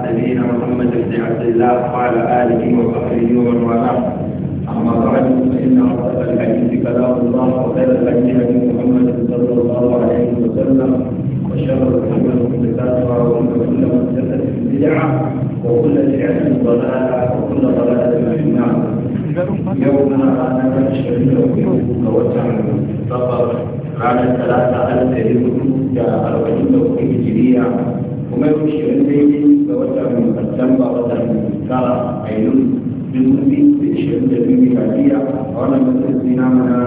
نبينا محمد بن عبد الله وعلى آله وصحبه ومن والاه أما بعد فإن أصدق الحديث كلام الله وخير الحديث حديث محمد صلى الله عليه وسلم وشر الأمور محدثاتها وكل محدثة بدعة وكل بدعة ضلالة وكل ضلالة في النار يوم أنا الشريف توجه سفر على ثلاثه ألف يهود كأربعين توقيت kuma yau shi wanda ya yi ga watan Satumba watan tara a yanzu dubu biyu da ishirin da biyu miladiya a wannan matsayin na mana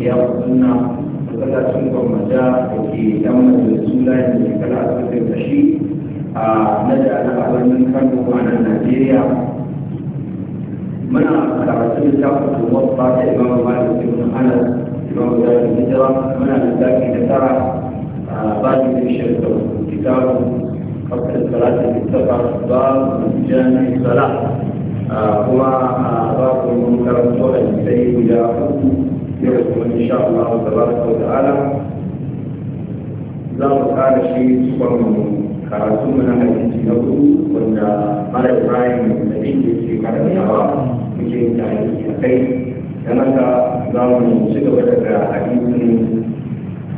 ya suna masallacin gwamnati da ke damar da su layin da kala asibitin da shi a nada al'adarnin kano a nan najeriya muna karatun littafin tuwon ba ta imam malik ibn anas imam da hijira muna littafi da tara a bajin da shirin da kitabu قبل الصلاة في السفر باب جامع الصلاة هو باب المنكر والصلاة سيد يحكم إن شاء الله تبارك وتعالى زار قال شيء سبحانه karatu mana hadisi na ku, wanda mara ibrahim da bin da ke karantawa muke yin tarihi a kai don haka za mu ci gaba daga hadisin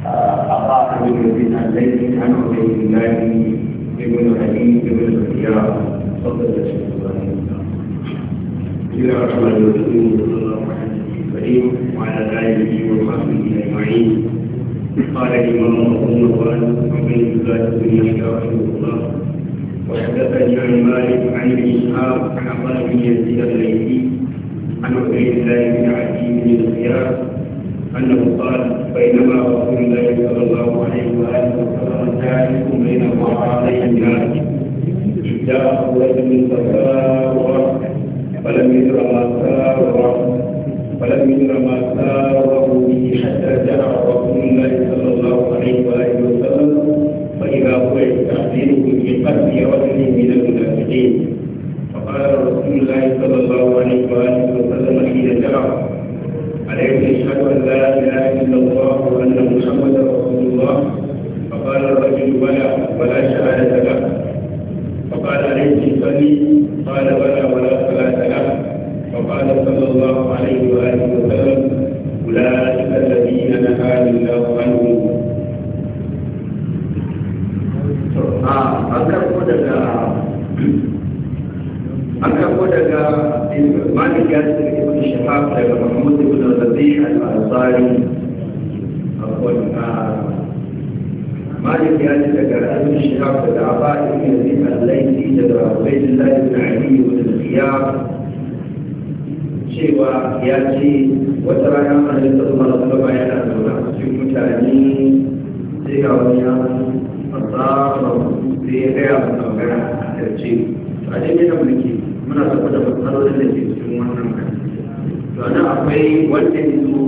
a fa'adun da bin allahi an hudai lillahi ابن علي ابن الخيار فضل شيخ ابراهيم بسم الله الرحمن الرحيم وصلى الله على نبينا وعلى اله وصحبه اجمعين قال الامام ابو نوال عبيد الله بن يحيى رحمه الله وحدثني عن مالك عن ابن شهاب عن ابي يزيد الليثي عن عبيد الله بن عدي بن الخيار أنه قال بينما رسول الله صلى الله عليه وآله وسلم جالس بين ضعفي الناس جاء جاءه رجل فسار فلم يدر ما ساور فلم يدر ما ساوره به حتى جاء رسول الله صلى الله عليه وآله وسلم فإذا هو يستعجله بقتل رجل من المنافقين فقال رسول الله صلى الله عليه وآله وسلم حين جاءه عليه أشهد أن لا إله إلا الله وأن محمدا رسول الله فقال الرجل بلى ولا شهادة له فقال عليه صلي قال بلى ولا صلاة له فقال صلى الله عليه وآله وسلم أولئك الذين نهاني الله عنهم an karko daga an karko daga malik ya الشفاق لك محمود بن الربيع الأنصاري أقول مالك يأتي لك أبي الشهاب بن عطاء بن يزيد الليثي بن عبيد الله بن علي بن الخيار cewa ya ce wata rana a da ta zuwa da ba yana zaune a cikin mutane sai ga wani ya fasa sai ya gaya wa a tarce a daidai da mulki muna tafi da matsalolin da ke sannan akwai wanda ya so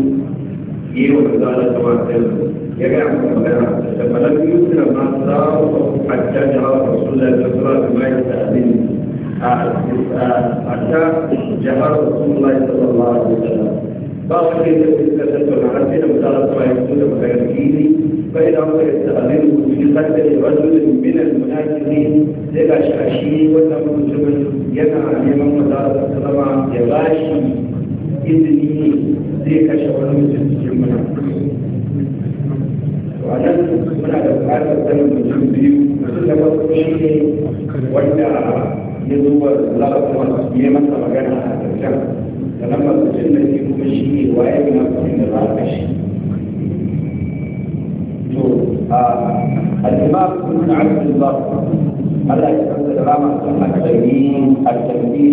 yi wa zala ta wata ya ga magana da malam yusra ma za ku hajja da rasulullahi sallallahu alaihi wasallam hatta jahar rasulullahi sallallahu alaihi wasallam ba wani da ya kasance da rasulullahi sallallahu alaihi wasallam فإذا هو يستأذنه في قتل رجل من المنافقين لباش عشيه وتمر جبل ينعى الإمام صلى الله عليه وسلم يباشي izini zai kashe wani mutum cikin muna to a nan muna da bukatar sanin mutum biyu mutum da farko shi ne wanda ya zo wa zaɓa ya masa magana a zancen sannan mutum da ke kuma shi ne waye ne mutum da za a kashe to الإمام ابن عبد الله الله يسلمك الإمام التنبيه التنبيه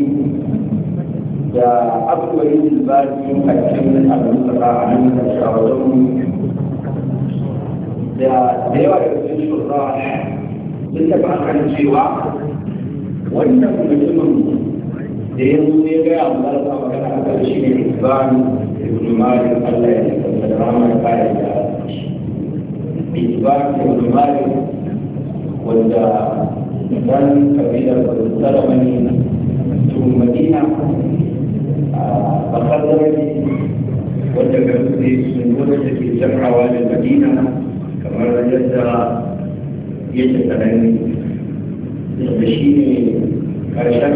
da abubuwan jilbabi a cikin abin a hannun da shawararun da da yawa daga cikin shurra sun taɓa kan cewa wannan mutumin da ya zo ya gaya wa marasa magana a kan shi ne isbani ibn malik allah ya tafi da ramar kayan da isbani ibn malik wanda dan kabilar da tsaramani tun madina a ƙasarori wadda ga mutane sun zama shi ne ƙarshen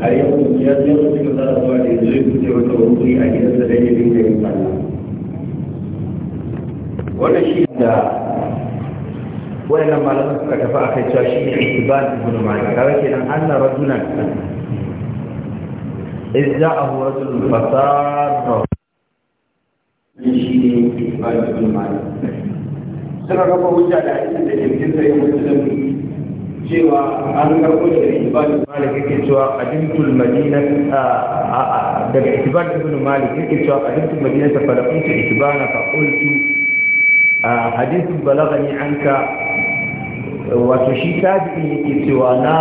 rayuwa ya samu a gidan sa da wayannan malaman suka tafi a kai cewa shi ne ibn ibn malik kawai kenan anna rajulan idza ahu rajulun fasara shi ne ibn ibn malik suka kafa hujja da hadisin da jirgin sai muslim cewa an karɓo da ibn malik yake cewa qadimtul madina daga ibn ibn malik yake cewa qadimtul madina fa laqitu ibn fa qultu hadisin balagani anka wato shi tabi'in yake cewa na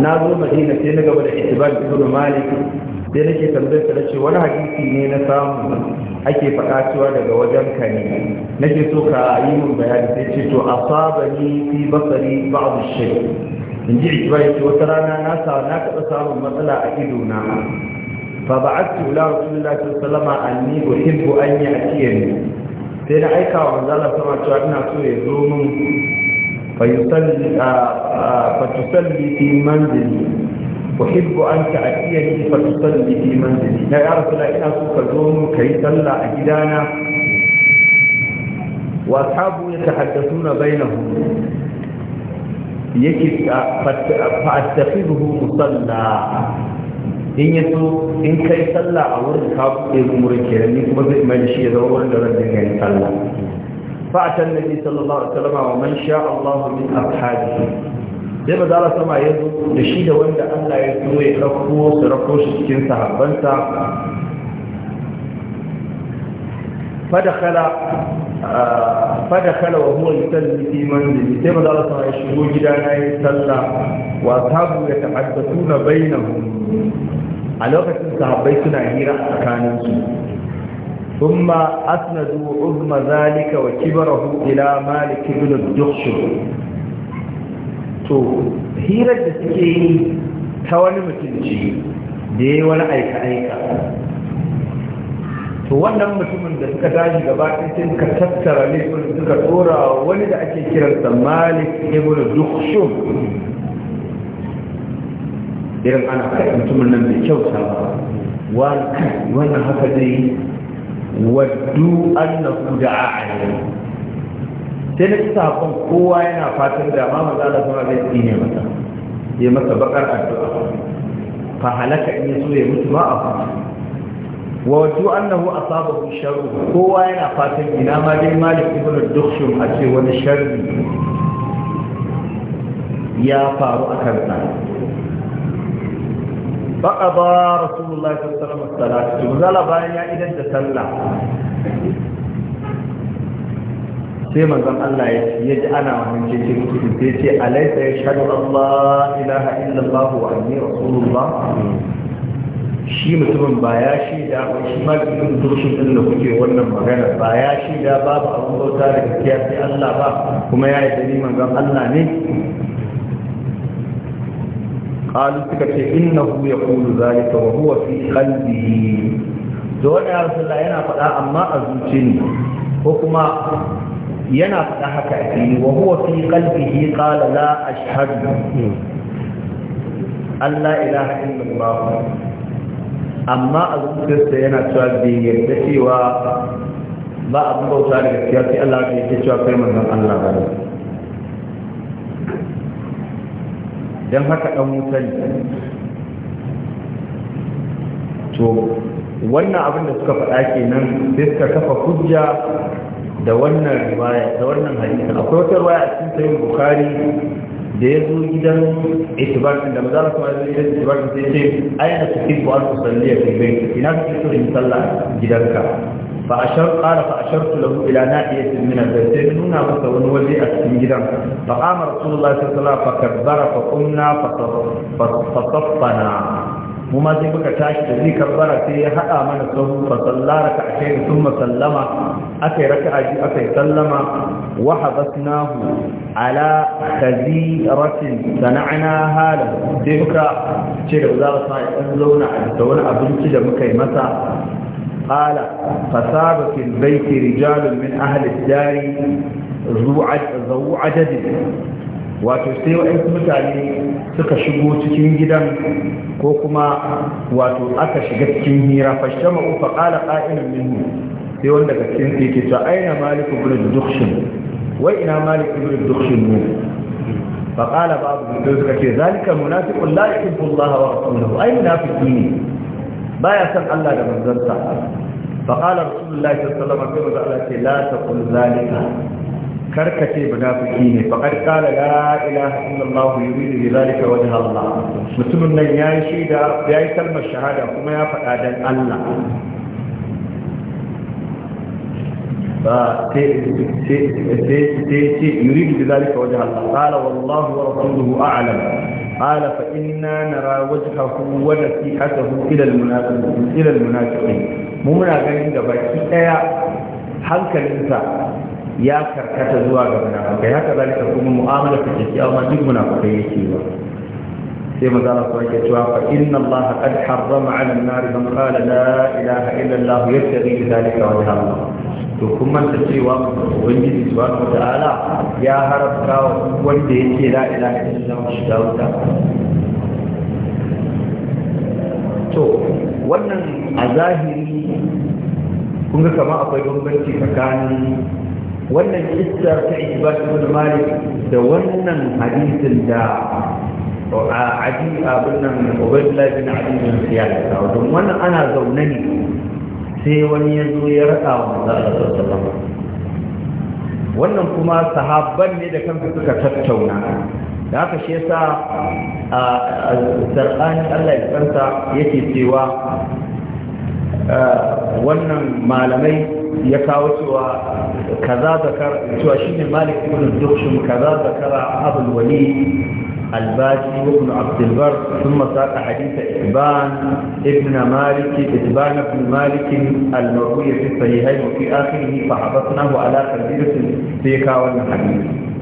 na zo madina sai na gaba da itibar ibn malik sai nake tambayar ta ce wani hadisi ne na samu ake faɗa cewa daga wajen ka ne nake so ka yi min bayani sai ce to asabani fi basari ba'd shay in ji ittiban yace wata rana na sa na taɓa samun matsala a ido na fa ba'attu ila rasulullahi sallallahu alaihi wasallam anni uhibbu an ya'tiyani sai na aika wa manzala sama cewa ina so ya zo min fatusalli fi manzili uhibbu an ta'tiyani fatusalli fi manzili na ya rasula ina so ka zo min kai sallah a gidana wa ashabu yatahaddathuna bainahum yake fa'attakhidhu musalla in ya so in kai sallah a wurin ka buɗe wurin kenan ni kuma zai mai da shi ya zama wurin da zan dinga yin sallah fa atan nabi sallallahu alaihi wasallam wa man sha Allah min ashabihi sai ba zala sama ya zo da shi da wanda Allah ya so ya ɗauko su rako shi cikin sahabbansa فدخل فدخل وهو يصلي في منزله كما قال صلى الله عليه وسلم جدانا يصلى واصحابه يتحدثون بينهم a lokacin sahabbai suna hira a tsakaninsu ثم أسندوا عظم ذلك وكبره إلى مالك بن الجحشم to hirar da suke yi ta wani mutunci da ya wani aika-aika to wannan mutumin da suka tashi gaba ɗaya ka tattara ne suka tsora wani da ake kiransa malik ibn dukhshum irin ana kai mutumin nan bai kyau ba wani kai wannan haka dai waddu annahu da'a alayhi sai na sabon kowa yana fatan da ma maza da sama zai tsine masa ya masa bakar addu'a fa halaka in yaso ya mutu ba a wa wadu annahu asabahu sharru kowa yana fatan ina ma dai malik ibn dukhshum a ce wani sharri ya faru a kan kansa faƙaba rasulullahi sallallahu alaihi wasallam manzala bayan ya idan da sallah sai manzon Allah ya ce yaji ana wannan ce ce sai ce alaysa yashhadu Allah, la ilaha illallah wa anni rasulullah shi mutumin ba ya shaida ba shi ma cikin turshin din da kuke wannan magana ba ya shaida babu abin bauta da gaskiya sai Allah ba kuma ya yi ni manzon Allah ne qalu suka ce innahu yaqulu zalika wa huwa fi qalbihi da wani rasulullah yana faɗa amma a zuci ne ko kuma yana faɗa haka a fili wa huwa fi qalbihi qala la ashhadu an la ilaha illallah amma a zuciyarsa yana cewa bai yarda cewa ba abin bauta da gaskiya sai Allah ya ke cewa kai manzon Allah ba dan haka dan mutane to wannan abin da suka faɗa kenan sai suka kafa hujja da wannan riwaya da wannan hadisi akwai wata riwaya a cikin sahih bukhari da ya zo gidan itibarkin da maza su mara gidan itibarkin sai ce aina su kifo an usalli a kai ina su kifo in sallah gidanka fa a shar ƙara fa a shar su lahu ila na iya sun minar da sai nuna masa wani waje a cikin gidan fa amara rasulullah sallallahu alaihi wasallam fa kabbara fa kumna fa saffana mu ma sai muka tashi da zai bara sai ya haɗa mana sahu fa sallara ka akai sun masallama akai raka'a ji akai sallama wa habasnahu ala khaziratin sana'ana hala sai muka ce da za sa ya zauna a da wani abinci da muka yi masa قال فصاب في البيت رجال من أهل الدار ذو wato sai wa'yansu mutane suka shigo cikin gidan ko kuma wato aka shiga cikin hira fashe ma'u faƙala ƙa'ilin minhu sai wanda ga cikin ke ta aina malik ibn dukshin wai ina malik ibn dukshin ne faƙala babu mutum suka ce zalika munafiqun la yuhibbu Allah wa rasuluhu ai munafiki ne baya san Allah da manzansa faqala rasulullahi sallallahu alaihi wasallam sai manzo Allah ce la taqul zalika كركتي منافقين فقد قال لا اله الا الله يريد بذلك وجه الله مثل من يشيد بأي تلم الشهادة كما يفعل آدم الله يريد بذلك وجه الله قال والله ورسوله أعلم قال فإنا نرى وجهه ونسيحته إلى المنافقين إلى المنافقين مو منافقين دبا كي أيا حلك الإنسان ya karkata zuwa ga munafukai haka zalika kuma mu'amala ta ce kiyama duk munafukai yake ba sai maza Allah ko yake cewa fa inna Allah qad harrama 'ala an-nar man qala la ilaha illa Allah yabtaghi bi zalika wajha Allah to kun manta cewa ubangiji subhanahu wa ta'ala ya haramta wanda yake la ilaha illa Allah shiga wuta to wannan a zahiri kun ga kama akwai bambanci tsakanin wannan iskar ta ikibar malik da wannan hadisin da adi abin nan ubaidullah abin da bin yi a wajen wannan ana zaune ne sai wani ya zo ya rasa wa manzo sallallahu wannan kuma sahabban ne da kanka suka tattauna da haka shi yasa a Allah ya tsanta yake cewa wannan malamai ya kawo cewa kaza zakara cewa shine malik ibn dukshin kaza zakara abul wali albaji ibn abd albar sun masaka hadisa ibn ibn malik ibn ibn malik al-marwi fi sahihayn wa fi akhirih fa habasnahu ala kadirati fi kawal hadith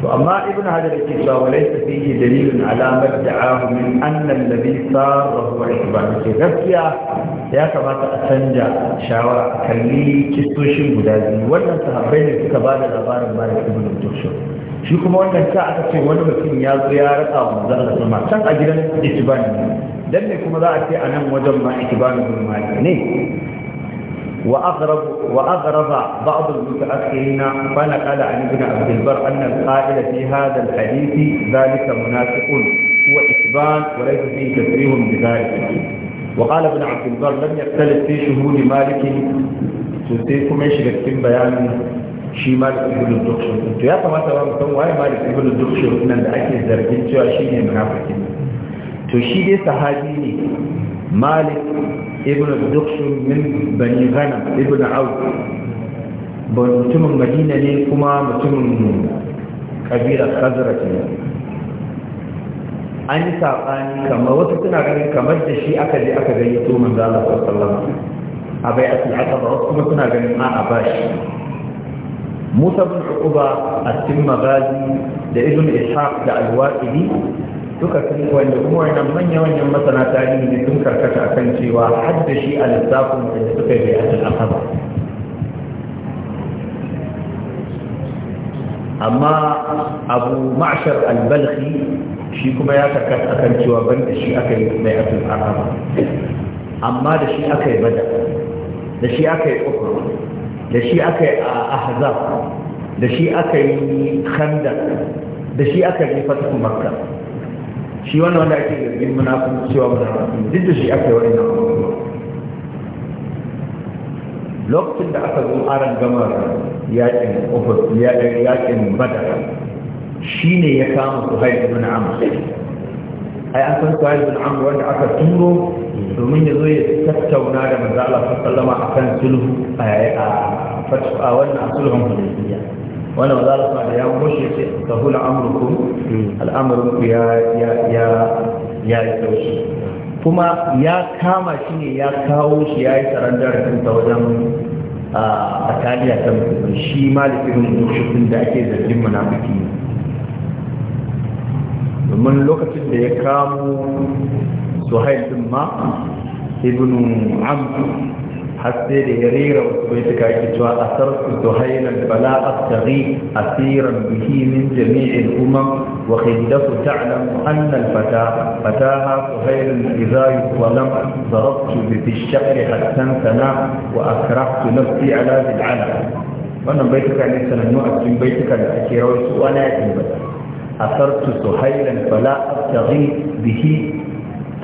to amma ibn hajar yake cewa wa laysa fihi dalilun ala ma da'a min anna alladhi sarra wa ba ke gaskiya ya kamata a canza shawara a kalli kistoshin guda biyu wannan sahabbai ne suka ba da labarin ba da ibn tushur shi kuma wannan ta aka ce wani mutum ya zo ya rasa wa manzon Allah sallallahu can a gidan ikibani dan ne kuma za a ce nan wajen ma ikibani gurmani ne وأغرب, وأغرب بعض المتأخرين فنقل عن ابن عبد البر أن القائل في هذا الحديث ذلك منافق وإثبان وليس فيه تفريه بذلك وقال ابن عبد البر لم يختلف في شهود مالك سيكم يشرك في بيان shi malik ibn dukhshur to ya kamata ba mutum waye malik ibn dukhshur nan da ake zargin cewa shine munafiki to shi dai sahabi ne مالك ابن الدخش من بني غنم ابن عوف mutumin madina ne kuma mutumin kabilar khazrat ne an yi saɓani kamar wasu suna ganin kamar da shi aka je aka gayyato manzo Allah sallallahu a bai asul aqaba wasu suna ganin a a ba shi Musa a cikin magazi da Ibn Ishaq da al duka sun wanda kuma wannan manya-manyan masana tarihi ne sun karkata a kan cewa har da shi a lissafin da suka yi bayanin asaba amma abu ma'ashar albalhi shi kuma ya karkata a kan cewa ban da shi aka yi mai bayanin asaba amma da shi aka yi bada da shi aka yi ukur da shi aka yi ahzab da shi aka yi khandaq da shi aka yi fatu makka shi wannan wanda ake zargin munafin cewa munafin duk da shi aka yi wani lokacin da aka zo aran gama yakin ofis yakin badar shi ne ya kama su haifu ibn amr ai an san su haifin amma wanda aka turo domin ya zo ya tattauna da manzo Allah sallama a kan akan sulhu a wannan sulhun hudaybiya wanda ba za su da ya mushe ce ta hula amurkun al'amurku ya yi taushe. kuma ya kama shi ne ya kawo shi ya yi sarandar ta wajen a taliya ta mutu. shi malikin mushukun da ake zargin munafiki domin lokacin da ya kamo suhail din ma ibn amr hasse da ya rera wasu bai suka yi cewa a sarki zuhailan bala a tsari a tsiran bihimin jami'in kuma wa hinda su ta'alam annal fata fata ha zuhailan da za yi wa a karafci na fi ala zil'ala wannan bai suka ne sanannu a cikin bai suka da ake rawar su wani ya ke ba a sarki zuhailan bala a tsari bihimin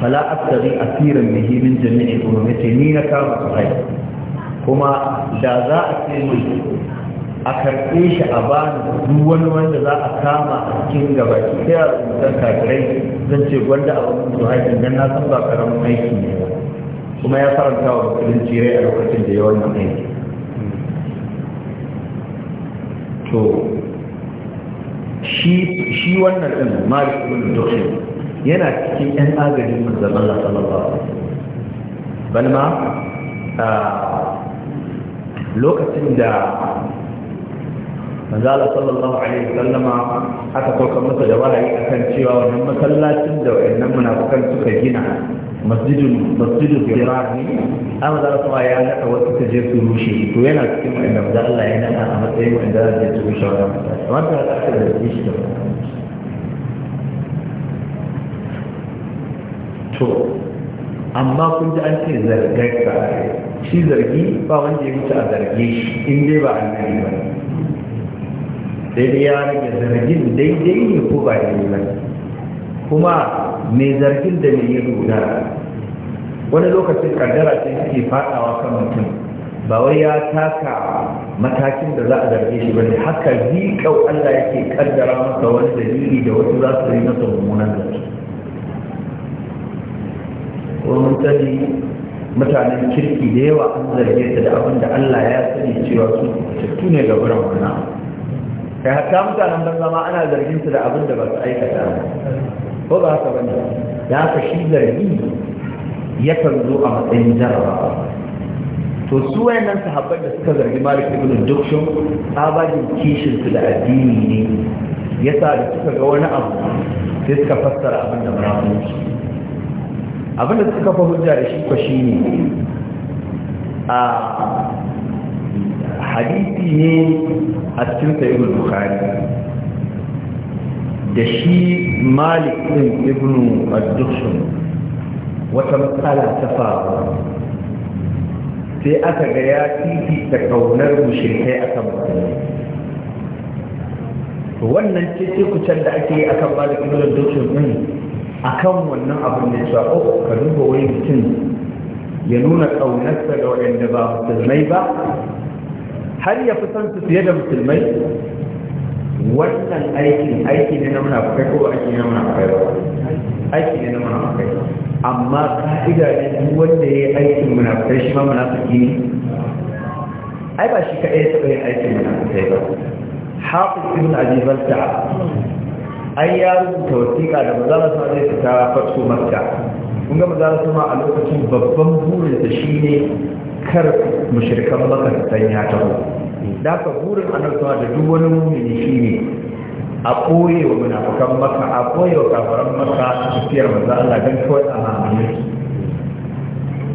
fala astari asirin bihi min jami'i ulumi ce ni na kama suhai kuma da za a ce mun a karɓe shi a bani duk wani wanda za a kama a cikin gaba sai a rubutan kafirai zan ce gwanda a wani suhai dan na san ba karamin aiki ne ba kuma ya faranta wa mutumin rai a lokacin da ya wannan aiki to shi wannan ɗin malik ibn dukhan yana cikin yan agajin manzon Allah sallallahu alaihi wasallam balma lokacin da manzala sallallahu alaihi sallama aka sauka masa da wahayi kan cewa wannan masallacin da wayannan munafukan suka gina masjidul masjidul firar ne amma da kuma ya naka wasu ta je su rushe to yana cikin wanda Allah ya naka a matsayin wanda zai rushe wannan masallaci wanda aka da shi da to amma kun ji an ce zargarsa shi zargi ba wanda ya wuce a zarge shi in dai ba annabi ba sai dai ya rage zargin daidai ne ko ba daidai ba kuma mai zargin da mai ya dogara wani lokacin kaddara ce suke fadawa kan mutum ba wai ya taka matakin da za a zarge shi ba ne haka zikau Allah yake kaddara masa wani dalili da wasu za su yi masa mummunan zargi domin sani mutanen kirki da yawa an zarge ta da abin da Allah ya sani cewa su tattu ne ga wurin wana kai hatta mutanen banza zama ana zargin su da abin da ba su aikata ko ba haka bane da haka shi zargi yakan zo a matsayin jarraba to su wayannan sahabban da suka zargi Malik ibn Dukshin tsabagin kishin su da addini ne yasa da suka ga wani abu sai suka fassara abin da su abinda suka kafa hujja da shi ko shine a hadisi ne a cikin sahihul bukhari da shi malik ɗin ibn al wata matsala ta faru sai aka ga ya titi ta kaunar mushrikai akan mutane wannan ce ce da ake yi akan malik ibn al-dukhshin ɗin akan wannan abin da ya shafa oh, ka duba wani mutum ya nuna ƙaunarsa ga waɗanda ba musulmai ba har ya fi son su fiye da musulmai wannan aikin aiki ne na munafukai ko aiki ne na munafukai ba aiki ne na munafukai amma ka'ida ne duk wanda ya yi aikin munafukai shi ma munafiki ne ai ba shi kaɗai ya taɓa yin aikin munafukai ba hafiz ibn abi balta'a ai ya rubuta wasiƙa da manzala sama zai fita fatso makka kun ga manzala ma a lokacin babban burin da shi ne kar mashirkan makka su san ya taho da ka burin annabi sama da duk wani mumini shi ne a koye wa munafukan maka a koye wa kafaran maka tafiyar maza Allah don kawai a mamaye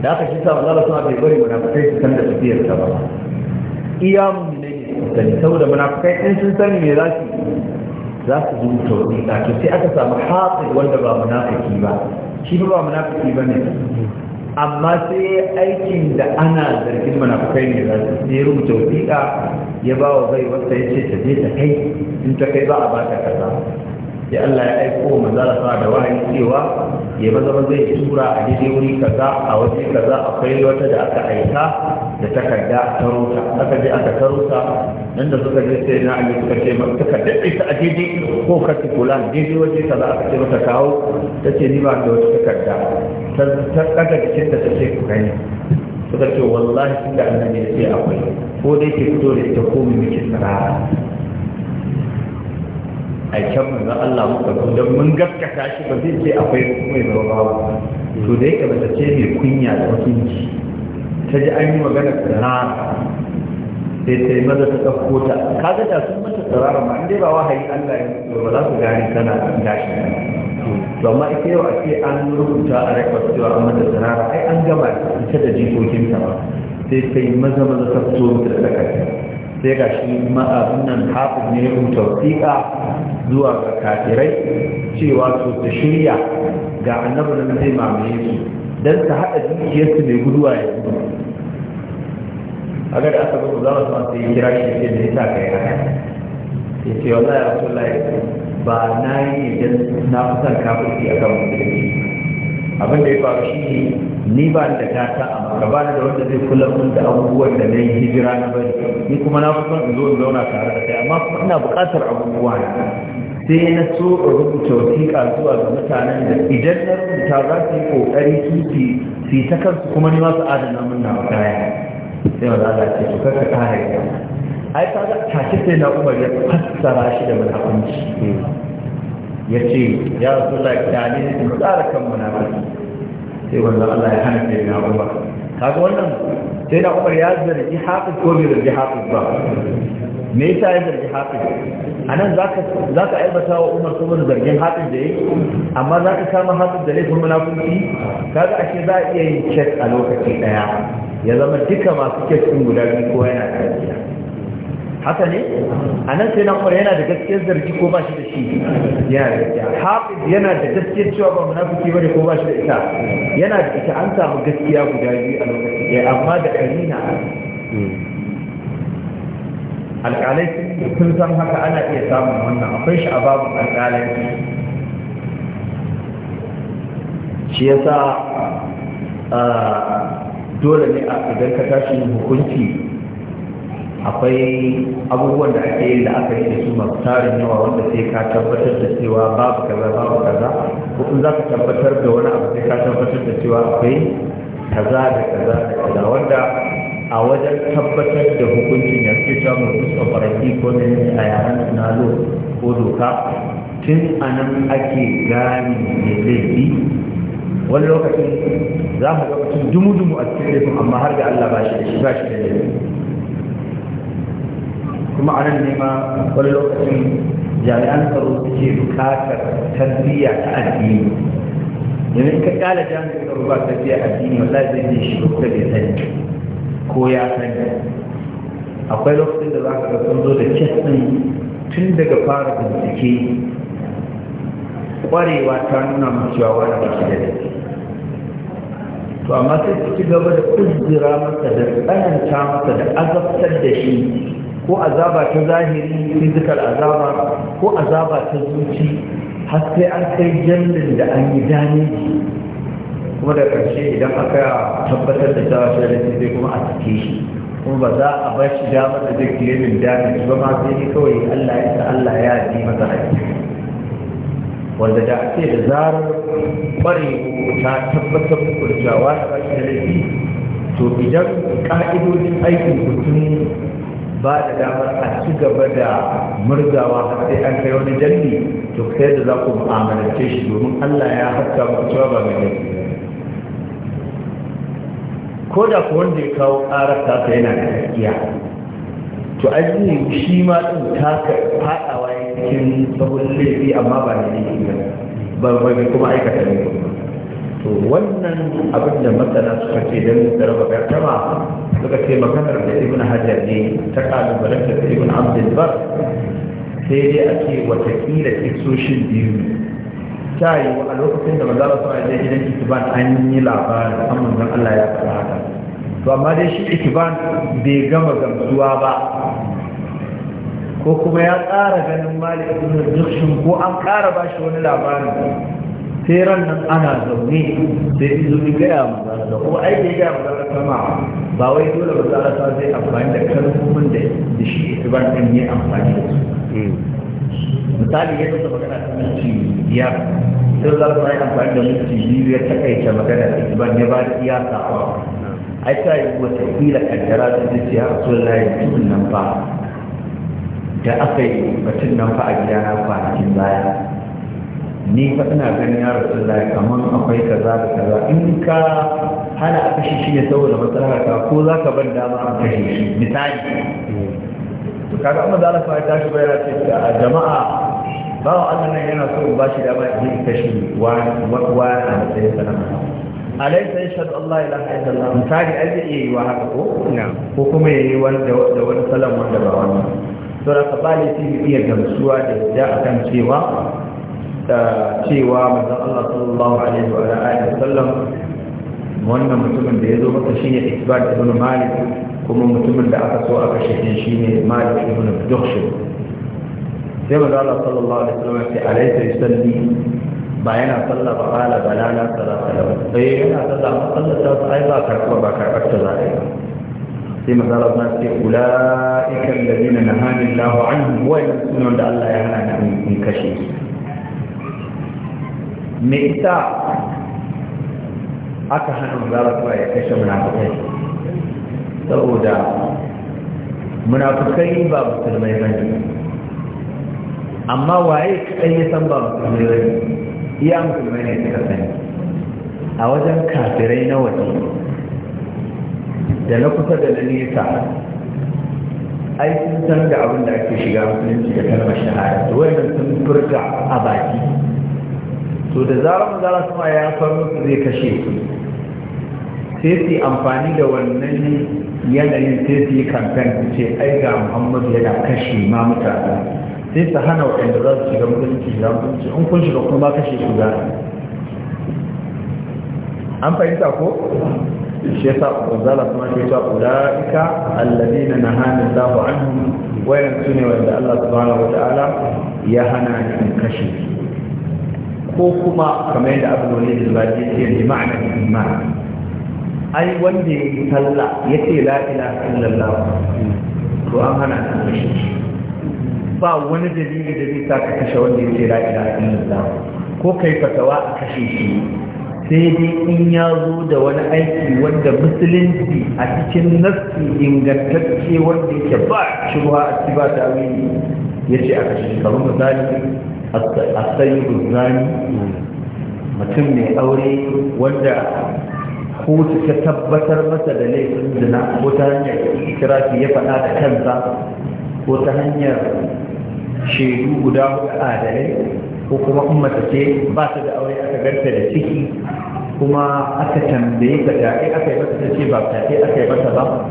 da aka shi sa manzo Allah suna bai bari munafukai su san da tafiyar ta ba iya mu ne ne su sani saboda munafukai in sun sani me za su za su rubuta da, to sai aka samu hafi wanda ba munafiki ba shi ba munafiki ba ne amma sai aikin da ana zargin munafukai ne za su sai rubuta wasiƙa ya ba wa bai wata ya ce ta je ta kai in ta kai ba a ba ta kaza sai Allah ya aiko wa manzara da wahayi cewa ya maza maza ya tura a daidai wuri kaza a waje kaza akwai wata da aka aika da takarda ta rusa aka je aka ta rusa nan da suka je sai na ali suka ce mata takarda ita a daidai ko ka ci kula daidai waje kaza aka ce mata kawo ta ce ni ba da wata takarda ta kaga da da ta ce ku gani suka ce wallahi da annabi ya ce akwai ko dai ke fito da ita ko mu sarara. aiken na Allah muka zo don mun gaskata shi ba zai ce akwai mai ba ba. to da yake bata ce mai kunya da mutunci ta ji an yi magana tsirara sai ta yi maza ta ɗauko ta kaga da sun mata tsirara ma inda ba wahayi Allah ya mutu ba za su gane tana gashi to amma ita yau a ce an rubuta a rekwas cewa an mata tsirara ai an gama ita da jikokinta ba sai ta yi maza maza ta fito da daga sai ga shi nan hafiz ne ya rubuta zuwa ga kafirai cewa su ta shirya ga annabi nan zai mamaye su don ta haɗa dukiyarsu mai guduwa ya gudu a ga da aka gudu za su sai ya kira shi ce da ya sa ka yi haka ya ce wallahi ba na yi idan na fi son akan musulmi abin da ya faru shi ne ni ba da gata amma ba da wanda zai kula mun da abubuwan da na yi hijira na bari ni kuma na kusan in zo in zauna tare da kai amma ina buƙatar abubuwa sai na so in rubuta wasiƙa zuwa ga mutanen da idan na rubuta za su yi ƙoƙari su fi ta kansu kuma ni ma su adana mun na kaya sai wanda Allah ce to karka kare ai ka ga tashi sai na umar ya fassara shi da munafunci ya ce ya rasu da kyale ne tsara kan munafiki sai wanda Allah ya hana sai na umar kaga wannan sai na umar ya zargi hafiz ko bai zargi hafiz ba me yasa ya zargi A nan za ka aibata wa umar saboda zargin hafiz da yake amma za ka kama hafiz da laifin munafiki kaga ashe za a iya yin check a lokaci ɗaya. ya zama duka masu kes din guda biyu kowa yana kariya haka ne a nan sai na kuma yana da gaskiyar zargi ko ba shi da shi ya hafiz yana da gaskiyar cewa ba munafiki bane ko ba shi da ita yana da ita an samu gaskiya guda biyu a lokaci ɗaya amma da karina alƙalai sun san haka ana iya samun wannan akwai shi a babu alƙalai shi yasa ah, dole ne a idan ka tashi hukunci akwai abubuwan da ake yin da aka yi da su masu tarin yawa wanda sai ka tabbatar da cewa babu kaza babu kaza ko kun za ka tabbatar da wani abu sai ka tabbatar da cewa akwai kaza da kaza da kaza wanda a wajen tabbatar da hukuncin ya ce cewa kusa faraki ko ne a yaren sinalo ko doka tun a nan ake gane ne laifi wani lokacin za mu ga mutum dumu-dumu a cikin laifin amma har da allah ba shi da shi ba shi da laifi kuma a nan nema wani lokacin jami'an tsaro suke bukatar tarbiyya ta addini yanzu ka kala jami'an tsaro ba tarbiyya addini a zai ne shi ko bai sani ko ya sani akwai lokacin da za ka ga sun zo da kisan tun daga fara bincike kwarewa ta nuna mu cewa wani ba shi da to amma sai gaba da kujira masa da tsananta masa da azabtar da shi ko azaba ta zahiri fizikal azaba ko azaba ta zuci har sai an kai jannin da an yi dane kuma da ƙarshe idan aka tabbatar da cewa shi da sai kuma a cike shi kuma ba za a bar shi damar da zai kilemin ba ma sai kawai Allah ya sa Allah ya ji masa haƙƙi wanda da ake da zarar kware ta tabbatar muku da jawa da baki da laifi to idan ka'idodin aikin mutum ba da damar a ci gaba da murzawa har sai an kai wani jalli to sai da za ku mu'amalance shi domin Allah ya hatta muku cewa ba mai laifi ko da ku wanda ya kawo ƙarar tasa yana da gaskiya to ne shi ma ɗin taka faɗawa cikin sabon laifi amma ba da laifi ba ba mai kuma aikata ne to wannan abin da masana suka ce don tsarfa gartama suka ce maganar da ibn hajar ne ta kalubalen da ibn abdul bar sai dai a ce watakila kisoshin biyu ta yi a lokacin da maza ba a je gidan ikiban an yi labarin amma don Allah ya fara haka to amma dai shi ikiban bai gama gamsuwa ba ko kuma ya ƙara ganin malik ibn ko an ƙara ba shi wani labarin sai ran nan ana zaune sai izo ni gaya maza da kuma aiki gaya maza da sama ba wai dole ba za a sa zai amfani da kalmomin da da shi ban ɗin yi amfani da su hmm. misali ya tsasa magana ta minti biyar sai za su yi amfani da minti biyu ya takaice magana da ban ya ba da iyaka wa ai ta yi wata kila kaddara ta ce ya lai tun nan ba da aka yi batun nan fa a gidana kwanakin baya ni fa ina ganin ya rasu da kamar akwai kaza da kaza in ka hana a kashe shi ne saboda matsalar ka ko za ka ban dama a kashe shi misali to kaga amma da Allah ya tashi bayar ce ta jama'a ba wa Allah ne yana so ba shi dama ya yi kashe wa wa a matsayin sana'a alaysa yashhadu Allah ilaha illallah misali ai zai iya yi wa haka ko ko kuma yayi wanda da wani salam wanda ba wannan to da ka bale shi iya gamsuwa da yadda akan cewa da cewa manzon Allah sallallahu alaihi wa alihi wasallam wannan mutumin da ya zo masa shine Isbad ibn Malik kuma mutumin da aka so aka shige shi ne Malik ibn Dukhsh sai manzon Allah sallallahu alaihi wasallam ya ce alaysa yusalli ba yana sallah ba ala balala sallallahu sai yana sallah ba sallah ta ai ba karɓa ba karɓar ta za a sai manzon Allah ya ce ulaika alladhina nahani Allahu anhum wa yasunu da Allah ya hana ni in kashe su me ita aka hannun zarafa ya kashe munafukai saboda munafukai ba musulmai ba ne amma waye kaɗai ya san ba musulmai ba ne iya musulmai ne suka sani a wajen kafirai na waje da na kusa da na nesa ai sun san da abin da ake shiga musulunci da kalmar shahara to wannan sun furta a baki to da zarar manzara suna ya faru musu zai kashe su sai su amfani da wannan yanayin sai su yi kamfen su ce ai ga muhammadu yana kashe ma mutane sai su hana waɗanda za su shiga mutunci shiga mutunci in kun shiga kuma kashe su za an fahimta ko shi yasa manzala kuma ke cewa na na nahana zafi anhum wayan sune wanda Allah subhanahu wataala ya hana in kashe su ko kuma kamar yadda abu wani da zafi ce ne ma'ana imani ai wanda ya yi talla ya ce la ilaha illallah to an hana ta kashe ba wani dalili da zai sa ka kashe wanda ya ce la ilaha illallah ko kai fatawa a kashe shi sai dai in ya zo da wani aiki wanda musulunci a cikin nassi ingantacce wanda yake ba shubha a ci ba tawili ya ce a kashe shi kamar misali A sayi zani mutum mai aure wanda ko ta tabbatar masa da laifin zina ko ta hanyar kirafi ya faɗa da kansa ko ta hanyar shaidu guda hudu adalai ko kuma ummata ce ba ta da aure aka garta da ciki kuma aka tambaye ka ai aka yi mata ta ce ba ta ce aka yi mata ba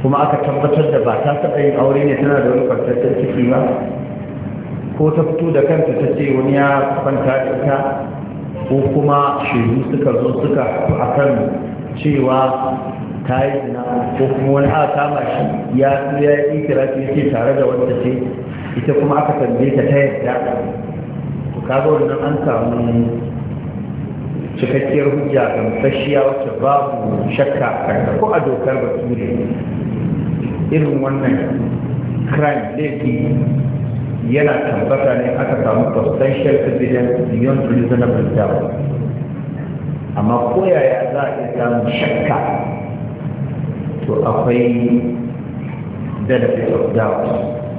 kuma aka tabbatar da ba ta taɓa yin aure ne tana da wani kwantar ciki ba ko ta fito da kanta ta ce wani ya kwanta ita ko kuma shaidu suka zo suka a kan cewa ta yi zina ko kuma wani aka kama shi ya ya yi kira ya yake tare da wanda ce ita kuma aka tambaye ta ta yadda to kaga wannan an samu cikakkiyar hujja ga gamsasshiya wacce babu shakka a ko a dokar bature irin wannan crime laifi yana tabbata ne aka samu substantial evidence beyond reasonable doubt amma koyaya za a iya samun shakka to akwai benefit of doubt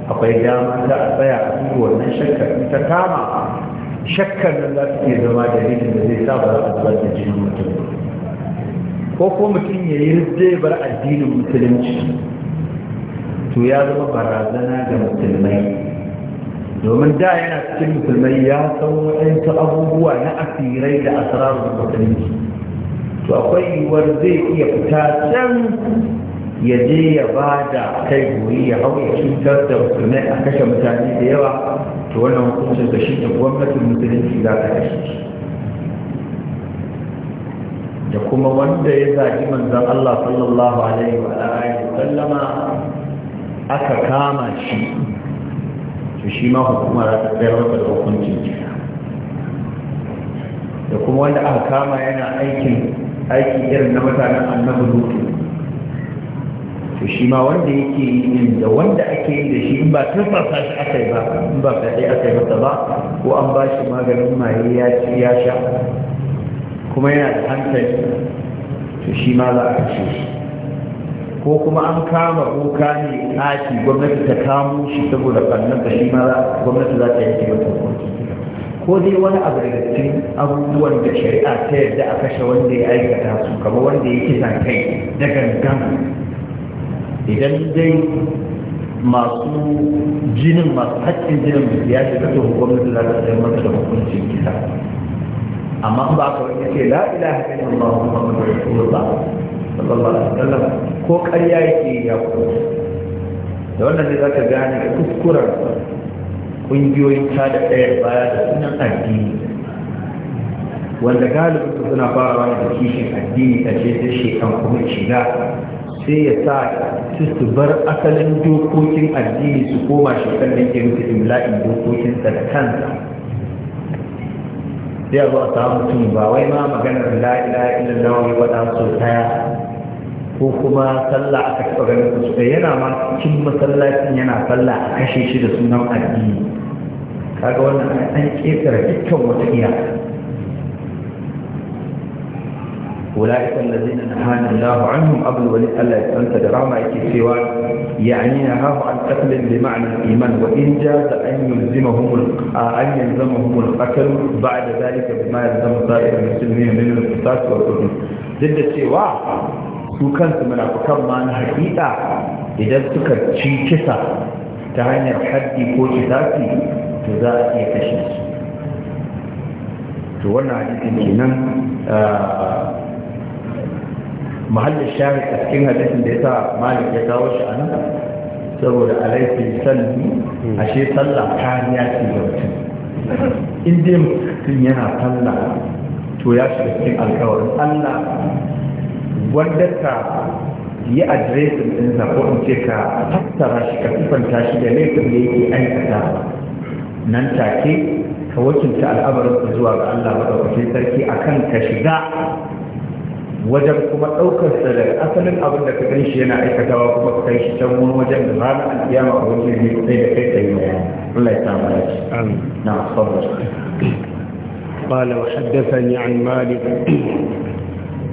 akwai dama za a tsaya a duk wannan shakka ta kama shakkar nan za ta ke zama dalilin da zai saba za a zubar da jinin mutum ko ko mutum ya yi zai bar addinin musulunci to ya zama barazana ga musulmai domin da yana cikin musulmai ya san waɗansu abubuwa na asirai da asirarun musulunci to akwai yiwuwar zai iya fita can ya je ya ba da kai goyi ya hau ya cutar da musulmai a kashe mutane da yawa to wannan hukuncin da shi ne gwamnatin musulunci za ta kashe shi da kuma wanda ya zaki manzan Allah sallallahu alaihi wa sallama aka kama shi to shi ma hukuma za ta tsayar masa da hukuncin kisa da kuma wanda aka kama yana aikin aiki irin na mutanen annabi lutu to shi ma wanda yake yin da wanda ake yi da shi in ba turfasa shi aka yi ba in ba fyaɗe aka yi masa ba ko an ba shi maganin maye ya ci ya sha kuma yana da hankali to shi ma za a kashe shi ko kuma an kama kuka ne ɗaki gwamnati ta kamo shi saboda fannin ka shi ma gwamnati za ta yanke mata hukunci ko dai wani abu daga cikin abubuwan da shari'a ta yarda a kashe wanda ya aikata su kamar wanda ya kisan kai da gangan idan dai masu jinin masu haƙƙin jinin da ya ce ta gwamnati za ta sayar mata da hukuncin kisa amma ba ka wani ce la ilaha illallah muhammadu rasulullah sallallahu alaihi wasallam ko ƙarya yake ya kuma da wannan ne za ka gane kuskuren ƙungiyoyin ta da ɗaya baya da sunan addini wanda galibin su suna farawa da kishin addini a ce ta shekan kuma shiga sai ya sa su su bar asalin dokokin addini su koma shekan da ke rufe imla'in dokokinsa da kansa sai a zo a samu mutum ba wai ma maganar la'ila ilan lawan ta ɗaya ko kuma sallah aka taɓa ganin su ɗaya yana ma cikin masallacin yana sallah a kashe shi da sunan addini kaga wannan an ƙetare dukkan wata iyaka أولئك الذين نهانا الله عنهم قبل ولي ألا أنت درعما سوى يعني نهاه عن قتل بمعنى الإيمان وإن جاز أن يلزمهم أن يلزمهم القتل بعد ذلك بما يلزم سائر المسلمين من القصاص والقتل ضد الشيء su kansu munafukan ma na hakika idan suka ci kisa ta hanyar haddi ko kisasi to za a iya kashe su to wannan hadisin kenan mahallin shari a cikin hadisin da ya sa malik ya kawo shi a nan saboda alaifin a ashe sallah kariya ce ga mutum in dai yana sallah to ya shiga cikin alkawarin allah wanda ka yi adiresin ɗinsa ko in ce ka tattara shi ka sifanta shi da laifin da yake aikata nan take ka wakilta al'amarinsa zuwa ga Allah maɗaukacin sarki akan ka shiga wajen kuma ɗaukar sa da asalin abin da ka gan shi yana aikatawa kuma ka kai shi can wani wajen da rana alƙiyama a wajen ne sai da kai tsaye mai Allah ya samu dace na sabar قال وحدثني عن مالك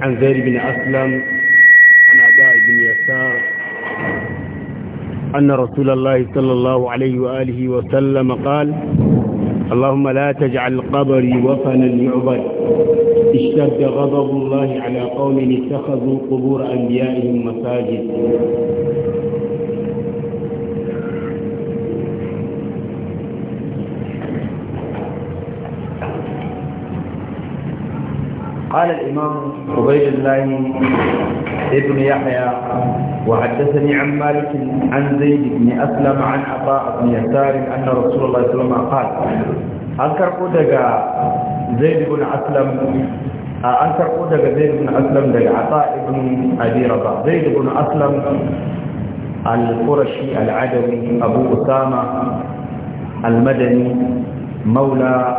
عن زيد بن أسلم عن عباء بن يسار أن رسول الله صلى الله عليه وآله وسلم قال اللهم لا تجعل قبري وفنا يعبد اشتد غضب الله على قوم اتخذوا قبور أنبيائهم مساجد قال الإمام عبيد الله ابن يحيى وحدثني عن مالك عن زيد بن أسلم عن عطاء بن يسار أن رسول الله صلى الله عليه وسلم قال أنكر قدق زيد بن أسلم أنكر قدق زيد بن أسلم دق عطاء بن أبي رضا زيد بن أسلم القرشي العدوي أبو أسامة المدني مولى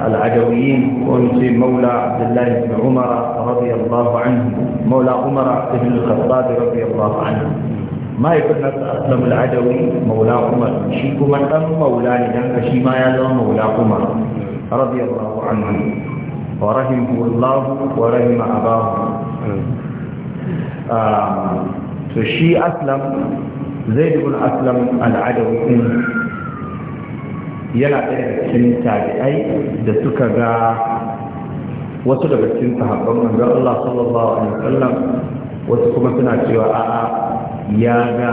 العدويين ويصيب مولى عبد الله بن عمر رضي الله عنه مولى عمر بن الخطاب رضي الله عنه ما يكون أسلم العدوي مولى عمر شيكو من أم مولى لدنك شيما يزوم مولى عمر رضي الله عنه ورحمه الله ورحم أباه آه فشي أسلم زيد بن أسلم العدوي yana ɗaya da cikin tabi'ai da suka ga wasu daga cikin sahabban manzon Allah sallallahu alaihi wasallam wasu kuma suna cewa a'a ya ga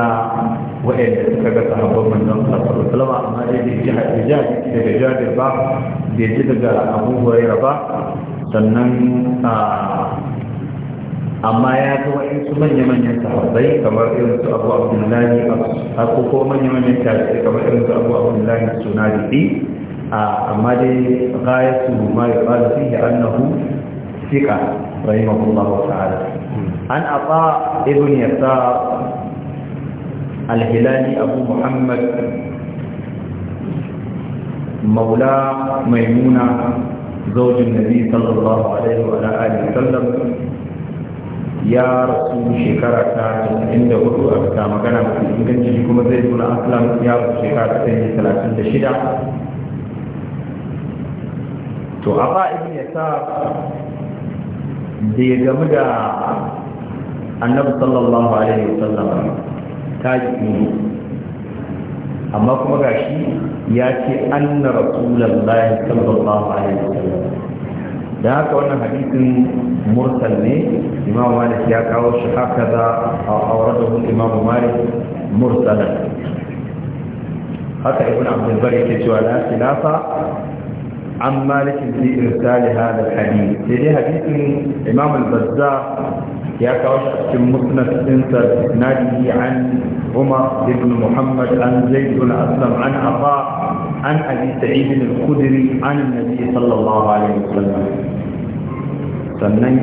wa'anda suka ga sahabban manzon Allah sallallahu alaihi wasallam amma dai bai ji hijab daga Jabir ba bai ji daga Abu Hurairah ba sannan a ah, amma ya ga wa'insu manya-manyan sahabbai kamar irin su abu abdullahi a ko manya-manyan tafiye kamar irin su abu abdullahi suna jiki amma dai gaya su ma ya ƙwada su yi annahu fika rahimahullah wa ta'ala an afa ibn yasa alhilali abu muhammad maula maimuna zaujin nabi sallallahu alaihi wa alihi sallam ya rasu shekara ta da hudu a fita magana mafi inganci kuma zai tuna aslam ya rasu shekara ta talatin da shida. to a ba ibn sa da ya gamu da annabi sallallahu alaihi wasallam ta yi amma kuma gashi ya ce anna rasulullahi sallallahu alaihi wasallam da haka wannan hadisin mursal ne imam malik ya kawo shi haka za a auradahu imam malik mursalan haka ibn abdul bari yake cewa la khilafa an malikin fi irsali hada hadith sai dai hadisin imam al-bazza ya kawo shi cikin musnad ɗinsa isnadihi an umar ibn muhammad an zaid ibn aslam an afa an abi sa'id al-khudri an nabi sallallahu alaihi wasallam sannan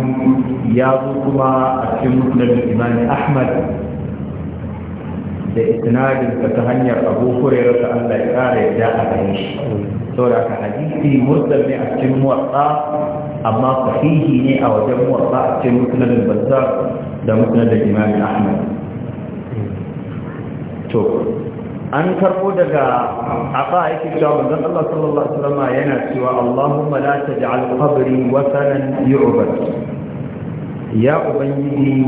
ya zo kuma a cikin musnadin imani ahmad da isnadin ta hanyar abu hurairar ta allah ya kara ya da a gani shi saboda ka hadisi mursal ne a cikin muwatsa amma sahihi ne a wajen muwatsa a cikin musnadin bazzar da musnadin imani ahmad to an karbo daga afa aiki cewa manzon Allah sallallahu alaihi wasallam yana cewa Allahumma la taj'al qabri wasanan yu'bad ya ubangiji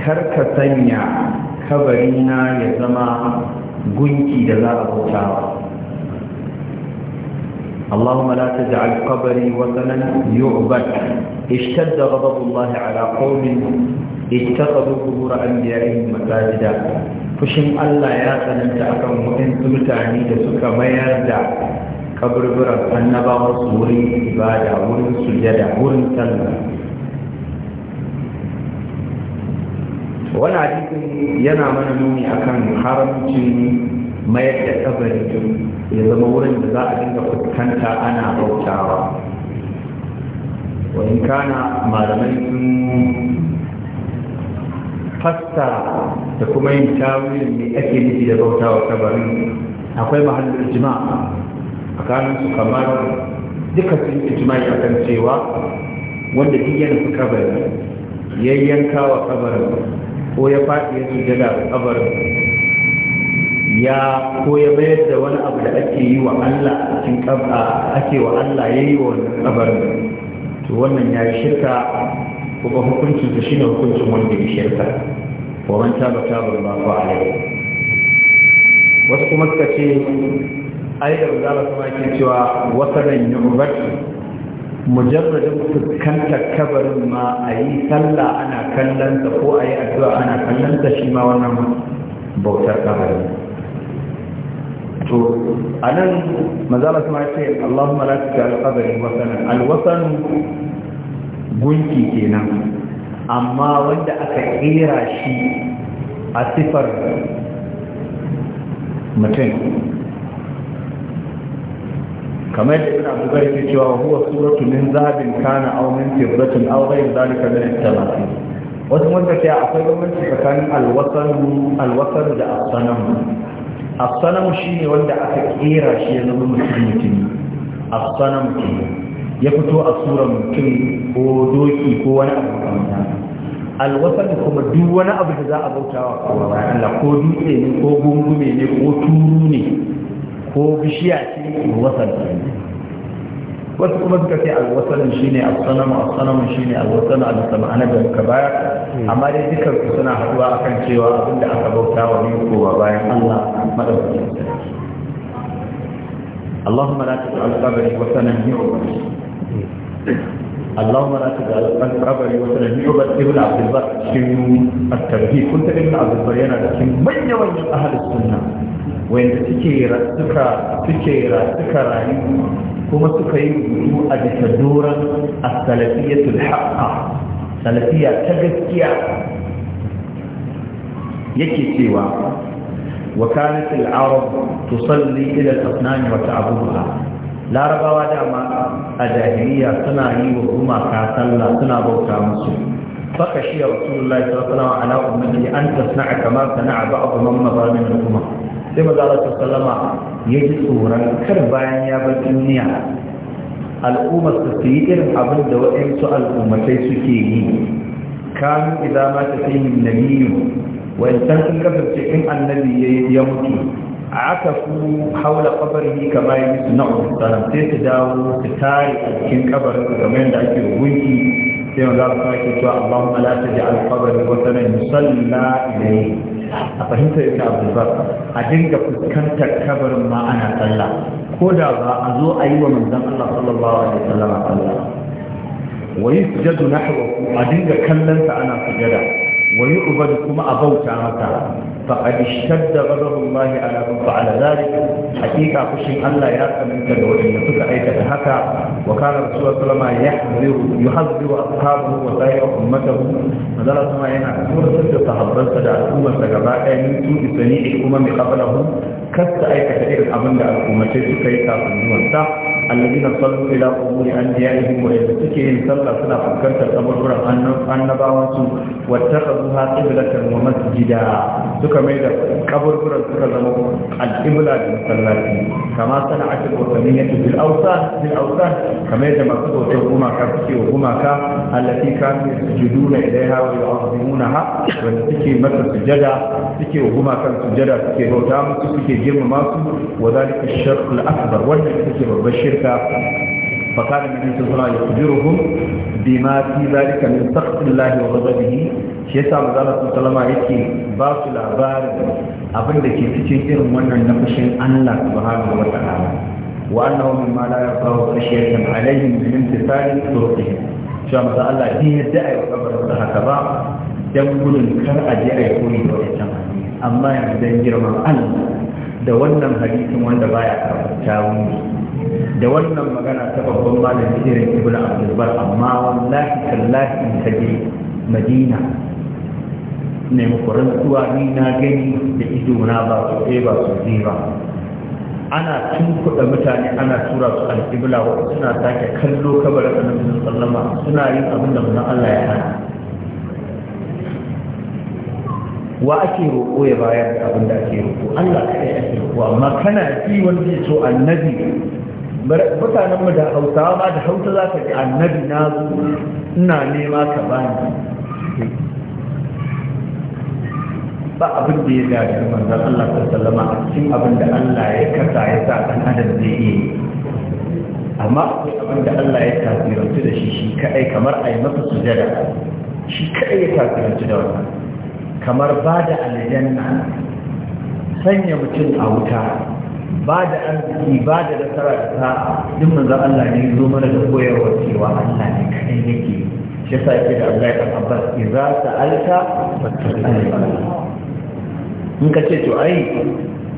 kar ka sanya kabarina ya zama gunki da za a bauta اللهم لا تجعل قبري وثنا يعبد اشتد غضب الله على قوم اتخذوا قبور انبيائهم مساجدا fushin Allah ya tsananta akan waɗansu mutane da suka mayar da kaburburan annaba su wurin ibada wurin sujada wurin sallah wani hadisin yana mana nuni akan haramcin mayar da kabari ya zama wurin da za a dinga fuskanta ana bautawa wa in kana malamai sun Fasta da kuma yin tawilin ne ake nufi da wa kabarin akwai mahallin jima'a tsakanin su kamar duka sun ijma'i akan cewa wanda duk yana su kabari ya yanka wa kabarin ko ya faɗi ya sujada a kabarin ya ko ya bayar da wani abu da ake yi wa Allah a cikin ake wa Allah ya yi wa wannan kabarin to wannan ya shirka kuma hukuncin shi ne hukuncin wanda ya shirka wa man taba taba ma fa alai wasu kuma suka ce ai da su kuma ke cewa wasanan yubat mujarradin fuskantar kabarin ma a yi sallah ana kallonsa ko a yi addu'a ana kallonsa shi ma wannan bautar kabarin to anan mazala ma ce Allahumma la tuka al-qabri wasanan al-wasan gunki kenan amma wanda aka kera shi a sifar mutum kamar da ina bugar ke cewa huwa suratu min zahabin kana aw min fiddatin aw ghayr zalika min at wasu wanda ce akwai bambanci tsakanin alwasan alwasan da as-sanam as-sanam shine wanda aka kera shi ya zama mutum mutum as-sanam kenan ya fito a surar mutum ko doki ko wani abu kamar alwasan kuma duk wani abu da za a bautawa kowa bayan Allah ko dutse ne ko gungume ne ko turu ne ko bishiya ce alwasan wasu kuma suka ce alwasan shine al-sanam al-sanam shine alwasan al-sama'ana da muka bayar amma dai dukkan su suna haɗuwa akan cewa abinda aka bautawa ne kowa bayan Allah madaukakin sarki اللهم لا تجعل قبري وثنا يعبد اللهم لا تجعل قبري وسلا يعبد ابن عبد البر شنو التوحيد كنت ابن عبد البر yana da cikin manyan manyan ahli sunna wanda suke suka suke suka rayu kuma suka yi rubutu a bisa doron as-salafiyatul salafiya ta gaskiya yake cewa وكانت العرب تصلي إلى الأصنام وتعبدها larabawa dama a jahiliya suna yi wa gumaka sallah suna bauta musu faka shi ya wasu lullahi wa ala ummati an tasna'a kama sana'a ba'd man ba min umma sai maza ta sallama ya ji tsoron kar bayan ya bar duniya al'ummar su yi irin abin da waɗansu al'ummatai suke yi kanu idza ma ta sai nabiyyu wa in san sun in annabi ya mutu akafu haula kabarihi kama yusna'u salam sai su dawo su tare a cikin kabarin kamar yadda ake gunki sai wanda aka sake cewa Allahumma la taj'al qabri watanan yusalla ilayhi a fahimtar yake abubakar a dinga fuskantar kabarin ma ana sallah ko da ba a zo a yi wa manzon Allah sallallahu alaihi wasallam sallah wa yusjadu nahwahu a dinga kallon ana sujada wa yu'badu kuma a bauta masa فقد اشتد غضب الله على من فعل ذلك حقيقه فشن الله يا كمنك وان تك ايت هكا وكان رسول الله صلى الله عليه وسلم يحذر اصحابه وغير امته فذل ما ينا سوره الصحابه صلى الله عليه وسلم من سوء صنيع الامم قبله kasta aikata irin abin da al'ummatai suka yi kafin zuwansa alladina sallu ila quburi anbiya'ihim wa yadda suke yin sallah suna fuskantar kaburburan annabawan su wa ha qiblatan wa masjida suka mai da kaburburan suka zama al-qibla da masallaci kama sana'at al-wataniyya bil awsan bil awsan kama da masu bautar gumaka suke wa gumaka allati kanu yasjuduna ilaiha wa yu'azzimunaha wanda suke masa sujada suke wa gumakan sujada suke bauta musu suke girmama su wa zalika ash-shirk al-akbar wanda yake babbar shirka fa kana nabi sallallahu alaihi wasallam yukhbiruhum bima fi zalika min saqti Allah wa ghadabihi shi yasa manzo Allah sallallahu alaihi yake ba su labarin abin da ke cikin irin wannan nafishin Allah subhanahu wa ta'ala wa annahu mimma la yaqaw khashyatan alaihim min imtithali turuqihim shi manzo Allah din yadda ayi kabarin haka ba dan gudun kar a je a yi koyi da wancan amma yanzu dan girman Allah da wannan hadisin wanda baya karanta mu da wannan magana ta babban malamin irin ibnu abdulbar amma wallahi tallahi in je madina ne koran ni na gani da ido na ba su ba su ba ana kuɗa mutane ana tura su alƙibla wa suna sake kallo kabarin annabi sallama suna yin abin da manzon Allah ya hana wa ake roƙo ya bayar da abin da ake roƙo Allah kai ake roƙo amma kana ji wanda ya so annabi mutanen mu da hausawa ma da hausa za ka ji annabi na ina nema ka bani ba abin da ya gaji manzon Allah sallama a cikin abin da Allah ya kasa ya sa dan adam zai iya amma abin da Allah ya tasirantu da shi shi kai kamar a yi masa sujada shi kai ya tasirantu da wannan kamar ba da aljanna sanya mutum a wuta ba da arziki ba da nasara da sa'a duk manzon Allah ne zo mana da koyarwa cewa Allah ne kaɗai yake shi sa yake da Allah ya tabbas idza sa'alta fattaqillah in ka ce to ai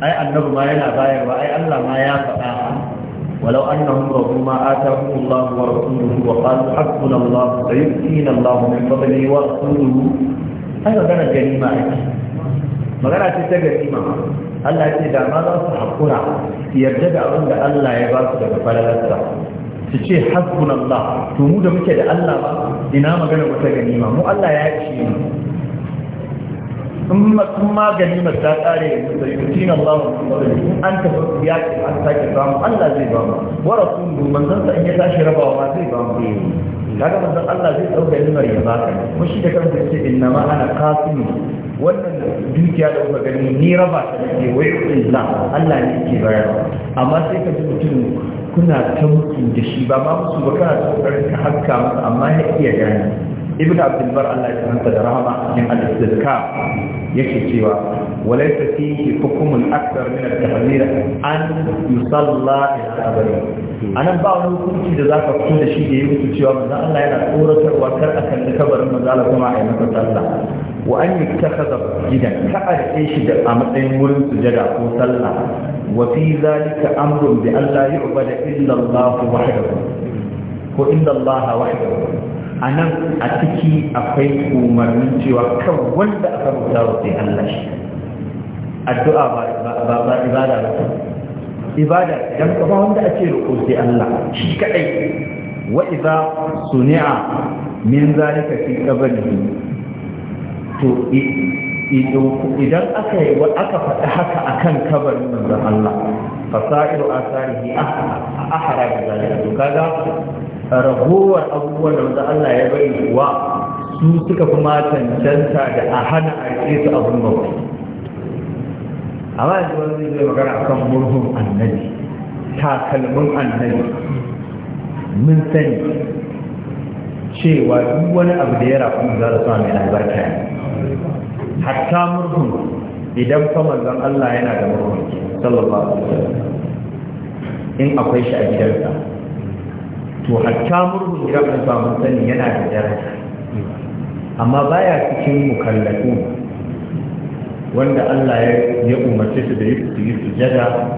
ai annabi ma yana bayarwa ai Allah ma ya faɗa ولو أنهم رضوا ما آتاهم الله ورسوله وقالوا حسبنا الله سيؤتينا الله من فضله ورسوله ai gani ganima ake magana ce ta ganima Allah ce da ma za su haƙura su yarda da abin da Allah ya ba su daga falalarsa su ce hasbun Allah to mu da muke da Allah ba ina magana gani ganima mu Allah ya ce in ma ma ma ta tsare da yutin Allah an ta ya ce an sake ba mu Allah zai ba mu wa rasulun manzon sa in ya tashi rabawa ma zai ba mu kaga manzon Allah zai dauka ilmar ya baka kuma shi da kansa yace inna ma ana qasimu wannan dukiya da kuka gani ni raba ta ne wai illa Allah ne yake bayar. amma sai ka ji mutum kuna ta mutum da shi ba ma musu ba kana kokarin ka hakka masa amma ya iya gani Ibn abdulbar bar Allah ya karanta da rahama cikin al-istizka yake cewa walaysa fihi hukmun akthar min at-tahzir an yusalla ila qabri anan ba wani hukunci da zaka fito da shi da yake cewa manzo Allah yana tsoratarwa kar a kalli kabarin manzo Allah kuma a yi masa sallah wa an yattakhadha gidan ka a shi da a matsayin wurin sujada ko sallah wa fi zalika amrun bi an la yu'bada illa Allah wahdahu ko inda Allah wahdahu a nan a ciki akwai umarnin cewa kan wanda aka rubuta wa sai Allah shi addu'a ba ba ibada ba ibada idan ka wanda ake roƙo sai Allah shi kadai wa idza suni'a min zalika fi qabrihi to idan aka yi aka faɗi haka akan kabarin manzon Allah fasa'ilu asarihi ahara da zalika to kaga ragowar abubuwan da wanda Allah ya bari kuwa su suka fi matancanta da a hana arke su abun bauta amma yanzu wani zai magana akan murhun annabi takalmin annabi mun sani cewa duk wani abu da ya rafu za su sami albarka ne hatta murhun idan fa manzon Allah yana da murhun sallallahu alaihi wasallam in akwai shi a gidansa to hatta murhun gidan an samu sani yana da daraja amma baya cikin mukallafu wanda Allah ya umarce su da yi jada.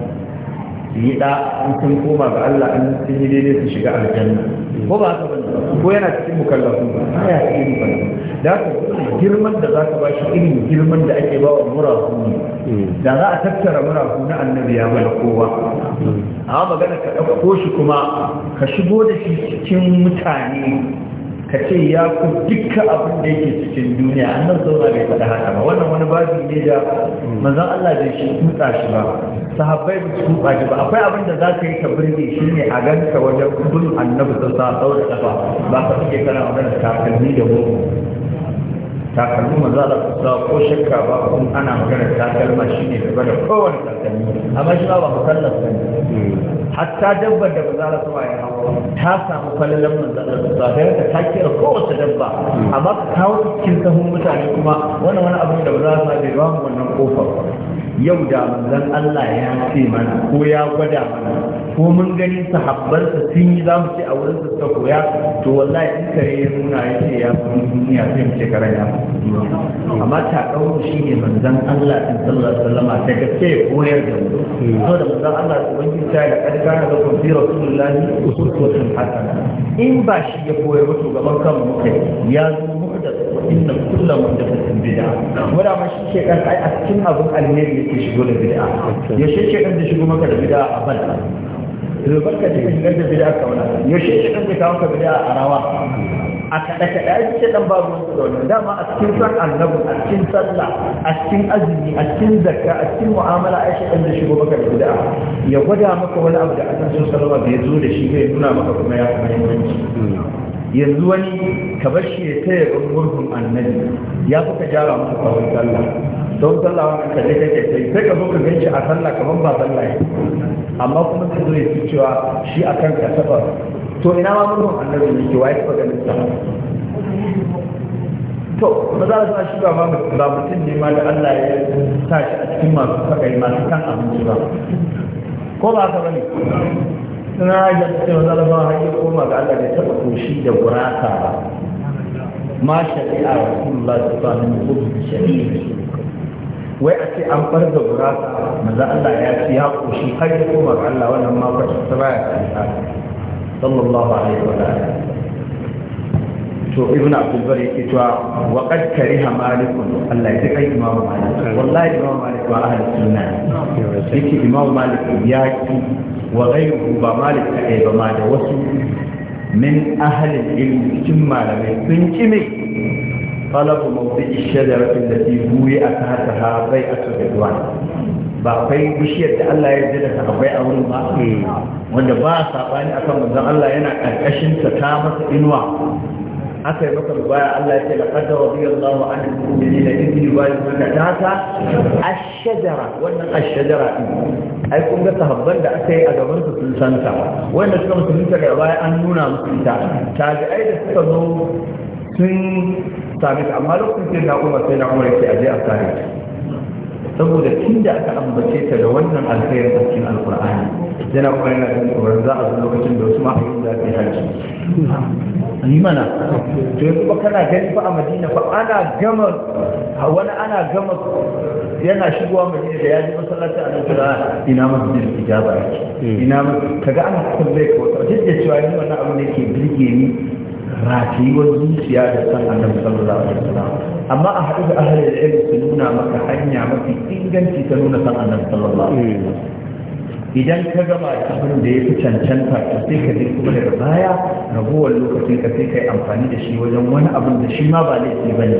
yi da in kun koma ga Allah an sun yi daidai su shiga aljanna ko ba haka ko yana cikin mukallafu ba ya cikin mukallafu da ka girman da za ka ba shi irin girman da ake ba wa murafu ne hmm. da za a tattara murafu na annabi ya mana kowa amma magana ka dauko shi kuma ka shigo da shi cikin mutane ka ce ya ku dukkan abin da yake cikin duniya nan zauna bai faɗa haka ba wannan wani babu ne da manzon Allah bai shi kutsa shi ba sahabbai ba su kutsa shi ba akwai abin da za ka yi ka birge shi ne a ganka wajen kudin annabi sun sa sau da ba ka suke kana magana takalmi da mu takalmi manzon Allah sun sa ko shakka ba kun ana magana takalma shine gaba da kowane takalmi amma shi ba ba musallas ne hatta dabbar da ba za ta ya hawa ta samu falalan manzon ba da ta ta kira kowace dabba amma ka kawo cikin sahun mutane kuma wannan wani abu da ba za ta bai ba wannan kofar yau da manzon Allah ya ce mana ko ya gwada mana ko mun gani sahabbansa sun yi za mu ce a wurin su suka koya to wallahi in kare ya nuna ya ce ya fi duniya sai mu ce kare ya amma ta kawo shi ne Allah in sallallahu alaihi ta gaske ya koyar da mu to da manzon Allah ubangiji ta da karka da kun fi ko uswatun hasana in ba shi ya koyar ba to gaban kanmu ya zo mu da inna kullu muhdathatin bid'a wanda ma shi ke kan ai a cikin abin alheri yake shigo da bid'a ya shi ke kan da shigo maka da bid'a a ban zubar ka cikin shigar da bid'a ka wala ya shi ke kan da kawo maka bid'a a rawa a kaɗa kaɗa ya ce ɗan babu wani. da wannan dama a cikin san annabi a cikin sallah a cikin azumi a cikin zakka a cikin mu'amala ai shaɗan da shigo maka da bid'a ya gwada maka wani abu da annabi sallallahu alaihi wasallam bai zo da shi bai nuna maka kuma ya fi muhimmanci yanzu wani ka bar shi ya taya gurgurhun annabi ya fi ka gyara masa kawai sallah don sallah wannan kaje kake sai sai ka zo ka shi a sallah kamar ba sallah ya amma kuma sai zo ya fi cewa shi a kan kasafa to ina ma gurgurhun annabi ne ke waye ka ganin sa to ba za su shi ba ba mutum ne ma da Allah ya sa shi a cikin masu fakai masu kan abinci ba ko ba ka bane sinadar cewa zalabawa ya koma ga Allah da taɓa koshi da gurasa ba ma shari'a rasulullah su ba min hudu shari'a wai a ce an bar da gurasa maza Allah ya ci ya koshi har ya koma Allah wannan ma ba ta baya ta sallallahu alaihi wa sallam to ibn abdul bari yake cewa wa qad kariha Malikun. Allah ya kai imam malik wallahi imam malik wa ahli sunna yake imam malik ya ki wa ghayruhu ba malik kai ba da wasu min ahlil ilmi cikin malamai sun ki ne talabu mawdi'i shajaratin lati buyi a ta ha bai a tudwan ba kai bishiyar da Allah ya jira ta akwai a wurin ba eh. wanda ba saɓani akan manzon Allah yana karkashin ta ta masa inuwa aka yi maka baya Allah ya ce laqad radiyallahu anil mu'minina idh yubayyi'unaka tahta ash-shajara wannan ash-shajara ai kun ga sahabban da aka yi a gaban su sun san ta wanda suka mutunta da baya an nuna musu ta ai da suka zo sun sami amma lokacin da Umar sai na Umar ya aje a sare saboda tun da aka ambace ta da wannan alkhairin a cikin alkur'ani yana kuma yana kan tsoron za a zo lokacin da wasu mafi yin zafi yi haji yi mana to yanzu ba kana gani fa a madina fa ana gama wani ana gama yana shigowa madina da ya ji masallaci a nan kira ina masjid ijaba yake hmm. ina kaga ana kullai ko ta jidda cewa ni wannan abin da yake birge ni ratayuwar zuciya da san annabi sallallahu alaihi wasallam amma a haɗu da ahalin ilmi su nuna maka hanya mafi inganci ta nuna san annabi sallallahu alaihi wasallam idan ka gama da abin da ya cancanta to sai ka je kuma daga baya raguwar lokacin ka sai kai amfani da shi wajen wani abin da shi ma ba laifi ba ne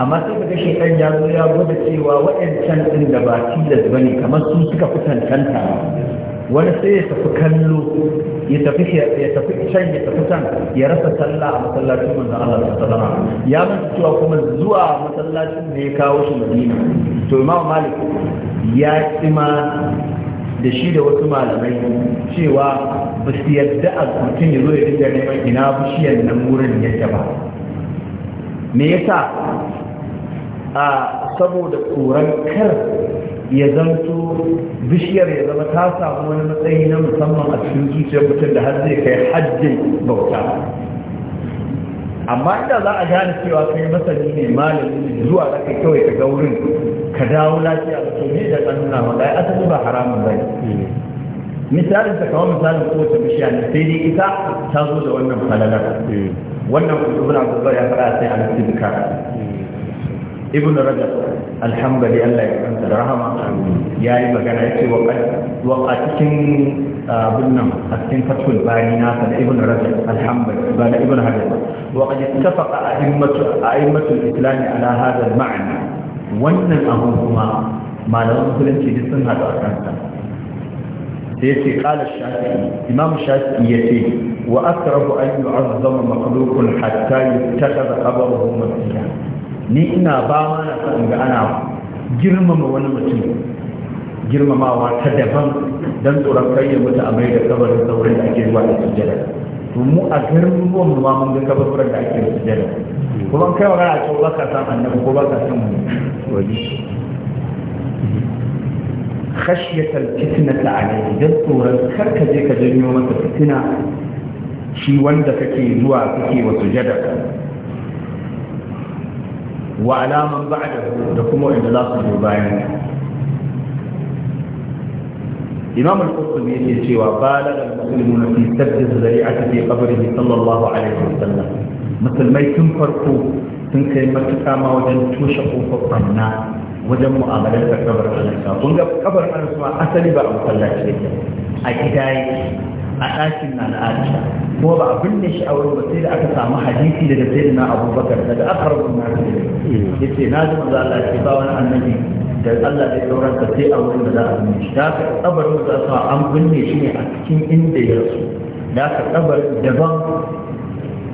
amma sai ka ga shekan ya zo ya gwada cewa waɗancan ɗin da ba tilas ba ne kamar su suka fi cancanta wani sai ya tafi kallo ya tafi ya tafi can ya tafi can ya rasa sallah a masallacin manzo Allah sallallahu alaihi ya manta cewa kuma zuwa masallacin da ya kawo shi Madina to Imam Malik ya tsima da shi da wasu malamai cewa ba su yadda a mutum ya zo ya dinga neman ina bishiyar nan wurin yadda ba me yasa a saboda tsoron kar ya zanto bishiyar ya zama ta samu wani matsayi na musamman a cikin zuciyar mutum da har zai kai hajjin bauta amma inda za a gane cewa kai masani ne malami zuwa da kai kawai ka ga wurin ka dawo lafiya da to ne da kanuna ma dai asali ba haramun ba. misalin ta kawo misalin kowace bishiya ne sai dai ita ta zo da wannan falalar eh. wannan kuma suna ya faɗa sai an tsibka ibn rajab alhamdulillah Allah ya kanta da rahama yi magana yace wa wa cikin ah, abin nan a cikin fatul bani na da ibn rajab alhamdulillah ba da ibn hajar wa qad ittafaqa a'immatu a'immatu al-islam ala hadha al wannan abu kuma malaman musulunci duk sun hadu a kansa sai ce kala shafi imam shafi ya ce wa akrahu an yu'azzama makhluqun hatta yuttakhadha qabruhu masjidan ni ina ba mana na ga ana girmama wani mutum girmamawa ta daban don tsoron kai ya mutu a mai da kabarin saurin da ake zuwa da sujjada to mu a garin ruwan mu ma mun ga kabarin da ake da sujjada kuma kai wa ce ba ka san annabi ko ka san wani khashyata alfitnata alayhi da tsoron kar ka je ka janyo masa fitina shi wanda kake zuwa kake wa sujjada wa alaman ba'da da kuma inda za su zo bayan imam al-qurtubi yake cewa balagha da muslimuna fi sabbi zari'ati fi qabrihi sallallahu alaihi wa sallam. musulmai tun farko sun kai matuƙa ma wajen toshe kofar banna wajen mu'amalar da kabar anasuwa kun ga kabar anasuwa asali ba a masallaci yake a gida yake a ɗakin na Aisha kuma ba a binne shi auren ba sai da aka samu hadisi daga sayyidina Abubakar daga akarun na hmm. ce na ji manzo Allah ya ba wani annabi da Allah ya sauran ka sai auren da za a binne shi da aka tsabarin da za an binne shi ne a cikin inda ya rasu da aka tsabarin daban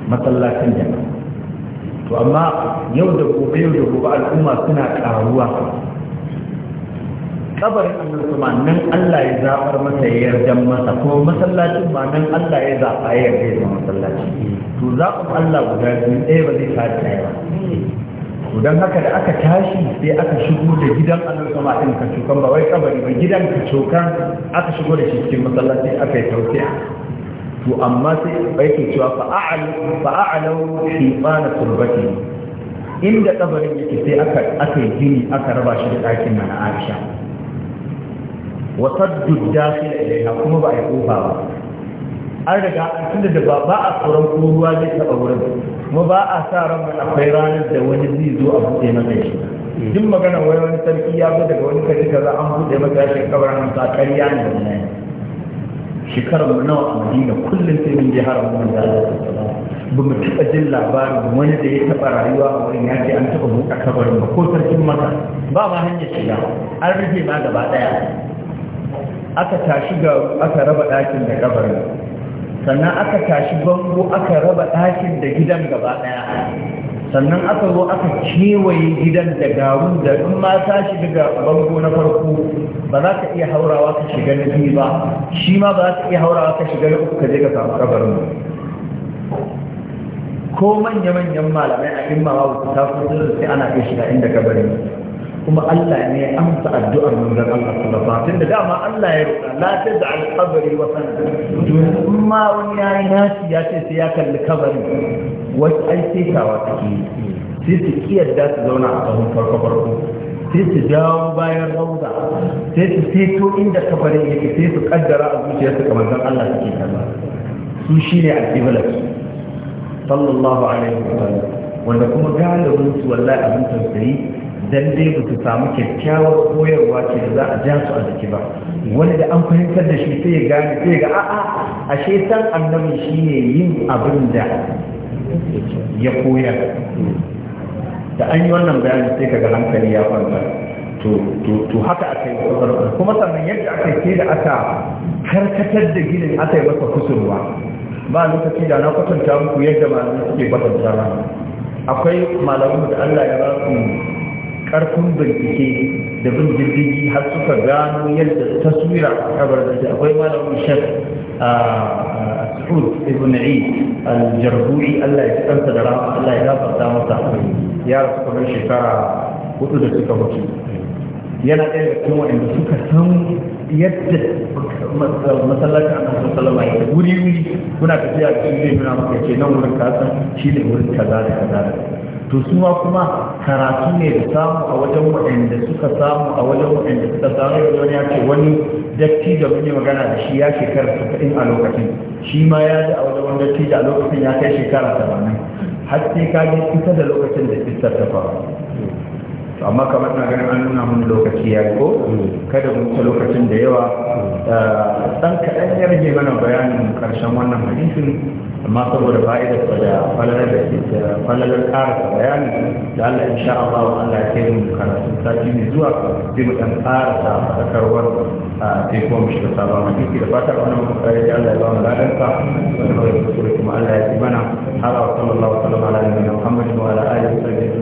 masallacin daban to amma yau da gobe yau da gobe al'umma suna ƙaruwa. kabarin annabi ma nan Allah ya zabar masa ya yarda masa ko masallacin ma nan Allah ya zaba ya yarda masa masallaci to zaɓin Allah guda biyu ɗaya ba zai fara ɗaya ba to dan haka da aka tashi sai aka shigo da gidan annabi sama din ka cokan ba wai kabari ba gidan ka cokan aka shigo da shi cikin masallaci aka yi tausiya to amma sai yake cewa fa a'alu fa a'alu fi qana qurbati inda kabarin yake sai aka aka yi gini aka raba shi da ɗakin na Aisha wa saddu dakhil ilaiha kuma ba a kofa ba an riga tunda da ba a tsoron ko ruwa zai taba wurin kuma ba a sa ran akwai ranar da wani zai zo a buɗe masa shi duk magana wai wani sarki ya zo daga wani kashi kaza an buɗe masa shi kabarin sa ƙarya ne wannan shekarar mu nawa a madina kullum sai mun je haram mun da ba mu jin labarin wani da ya taɓa rayuwa a wurin yaki an taba buɗe kabarin ba ko sarkin maka ba ma hanyar shiga an rufe ma gaba ɗaya aka tashi ga aka raba ɗakin da kabarin sannan aka tashi bango aka raba ɗakin da gidan gaba ɗaya sannan aka zo aka kewaye gidan da garun da in ma ta shiga ga bango na farko ba za ka iya haurawa ka shiga na biyu ba shi ma ba za ka iya haurawa ka shiga na uku ka je ka samu kabarin ko manya-manyan malamai a imma ba su tafi sai ana iya shiga inda kabarin kuma Allah ne ya amsa addu'ar manzon Allah sallallahu alaihi da, dama Allah ya roƙa la taj'al qabri wa sanan to in ma wani yayi nashi ya ce sai ya kalli kabari wasu ai sai kawa take sai su kiyarda su zauna a tsawon farko farko sai su jawo bayan rauda sai su fito inda kabarin yake sai su kaddara a zuciyarsu kamar zan Allah suke kaza su shine al-qiblat sallallahu alaihi wa wasallam wanda kuma galibin su wallahi abin tausayi dan dai ba su samu kyakkyawar koyarwa ce da za a ja su a jiki ba wani da an fahimtar da shi sai ya gane sai ga a'a a shetan annabi shine yin abin da ya koyar da an yi wannan bayani sai ga hankali ya kwanta to haka aka yi kuma sannan yadda aka ke da aka karkatar da ginin aka yi masa kusurwa ba lokaci da na kwatanta muku yadda malamai suke kwatanta akwai malamu da Allah ya ba su karfin bincike da bin jirgin har suka gano yadda taswira kabar da akwai malamin shek a suhud ibn eid al allah ya kanta da rama allah ya gafarta masa ya rasu kamar shekara hudu da suka mutu yana ɗaya da kuma wanda suka san yadda a annabi sallama ya wuri wuri kuna tafiya cikin zai nuna maka ce nan wurin kasan shi ne wurin kaza da kaza da to su kuma karatu ne da samu a wajen waɗanda suka samu a wajen waɗanda suka samu da wani ya ce wani datti da wani magana da shi ya shekara saba'in a lokacin shi ma ya ji a wajen wani datti da lokacin ya kai shekara saba'in har sai ka je kusa da lokacin da kistar ta faru to amma kamar na ganin an nuna mun lokaci ya ko kada mu ta lokacin da yawa dan kaɗan ya rage mana bayanin karshen wannan hadisin amma saboda fa'idar sa da falalar da ke falalar ƙarasa bayanin da Allah insha Allah wa Allah ya kai mu karatu sati ne zuwa sai mu dan ƙarasa a sai ko mu shiga sabon hadisi da fatar wannan mutare da Allah ya ba mu ladansa wani kuma Allah ya ci mana har wa sallallahu alaihi wa sallam ala nabiyina Muhammad wa ala alihi wa sahbihi